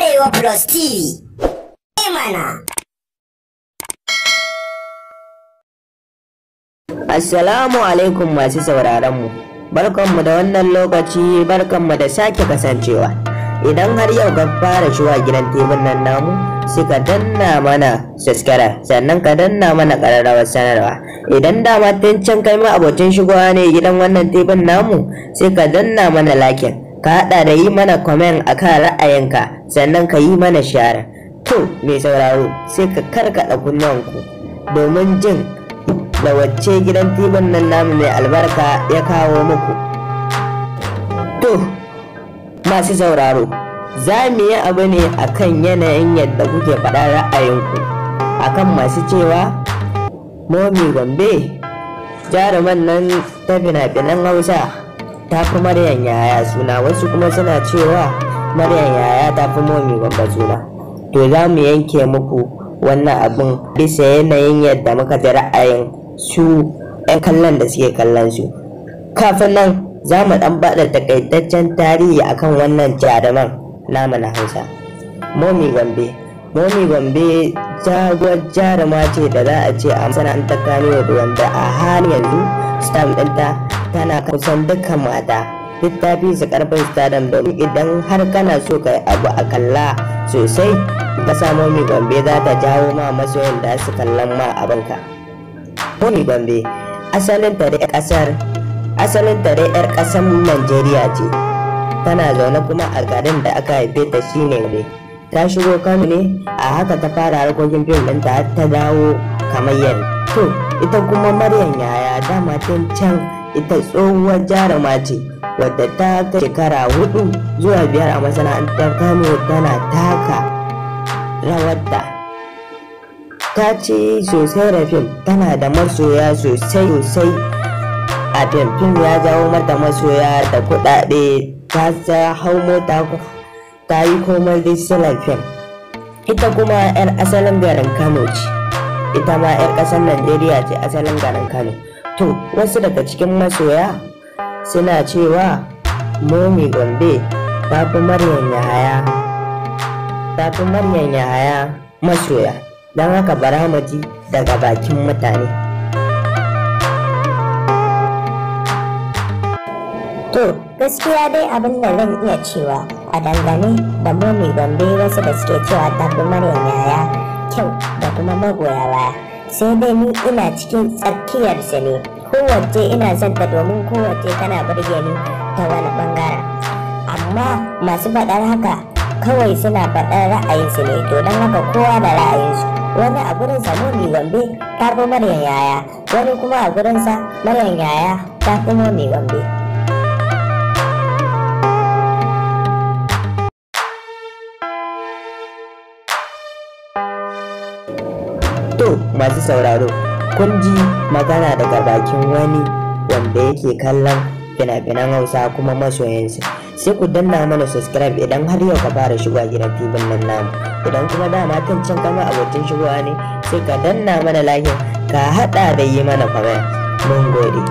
Arewa Plus TV. Emana. Assalamu alaikum masu sauraronmu. Barkanmu da wannan lokaci barkanmu da sake kasancewa. Idan har yau ka fara shuwa gidan tebun nan namu, sai ka danna mana subscribe sannan ka danna mana ƙararrawar sanarwa. Idan dama tun can kai ma abokin shigowa ne gidan wannan tebun namu, sai ka danna mana lakin. ka haɗa da yi mana komen a kan ra'ayinka sannan ka yi mana shara. to mai sauraro sai ka karkaɗa kunnuwanku domin jin da wacce gidan tibin nan namu mai albarka ya kawo muku to masu sauraro za mu yi abu ne akan yanayin yadda kuke faɗa ra'ayinku a kan masu cewa momi gombe jaruman nan ta fina-finan hausa tafi maryan yaya suna wasu kuma suna cewa maryan yaya tafi momi babba suna to za mu yanke muku wannan abin bisa yanayin yadda muka ji ra'ayin su 'yan kallon da suke kallon su kafin nan za mu ɗan bada takaitaccen tarihi akan wannan jaruman namu na hausa momi gombe momi gombe jaguwar jaruma ce da za a ce a masana'antar kanewa da wanda a halin yanzu stamp ɗinta tana kusan dukkan mata duk ta fi su karfin stadium don idan har kana so ka yi abu a kalla sosai ka samo mi gombe za ta jawo ma masoyan da su kallon ma abinka mi gombe asalin tare kasar asalin tare yar kasar najeriya ce tana zaune kuma a garin da aka haife ta shine ne ta shigo kano ne a haka ta fara harkokin fim din ta dawo kamar yadda to ita kuma maryam yaya dama can ita tsohuwar jaruma ce wadda ta ta shekara hudu zuwa biyar a masana'antar kano tana taka rawarta. ta ce sosai da tana da masoya sosai sosai a fim ya jawo mata masoya da kudade ta sa hau mota ta yi komai da silar ita kuma 'yan asalin garin kano ce ita ma 'yan kasar najeriya ce asalin garin kano To wasu daga cikin masoya suna cewa momi gombe ta fi maryam yahaya ta fi maryam yahaya masoya don haka bara daga bakin mutane. To gaskiya dai abin da zan iya cewa a dangane da momi gombe wasu da suke cewa ta fi maryam yahaya kyau da kuma magoya baya. sai dai ni ina cikin tsakiyarsa ne kowace ina zanta domin kowace tana burge ni ta wani bangaren amma masu faɗar haka kawai suna faɗar ra'ayinsu ne to don haka kowa da ra'ayinsu wani a gurin sa momi gombe ta fi maryan yaya wani kuma a gurin sa maryan yaya ta fi momi gombe yau masu sauraro kun ji magana daga bakin wani wanda yake kallon fina-finan hausa kuma masoyansu sai ku danna mana subscribe idan har yau ka fara shiga gidan fibin nan namu idan kuma dama kan can kama abokin shigowa ne sai ka danna mana lahin ka haɗa da yi mana comment mun gode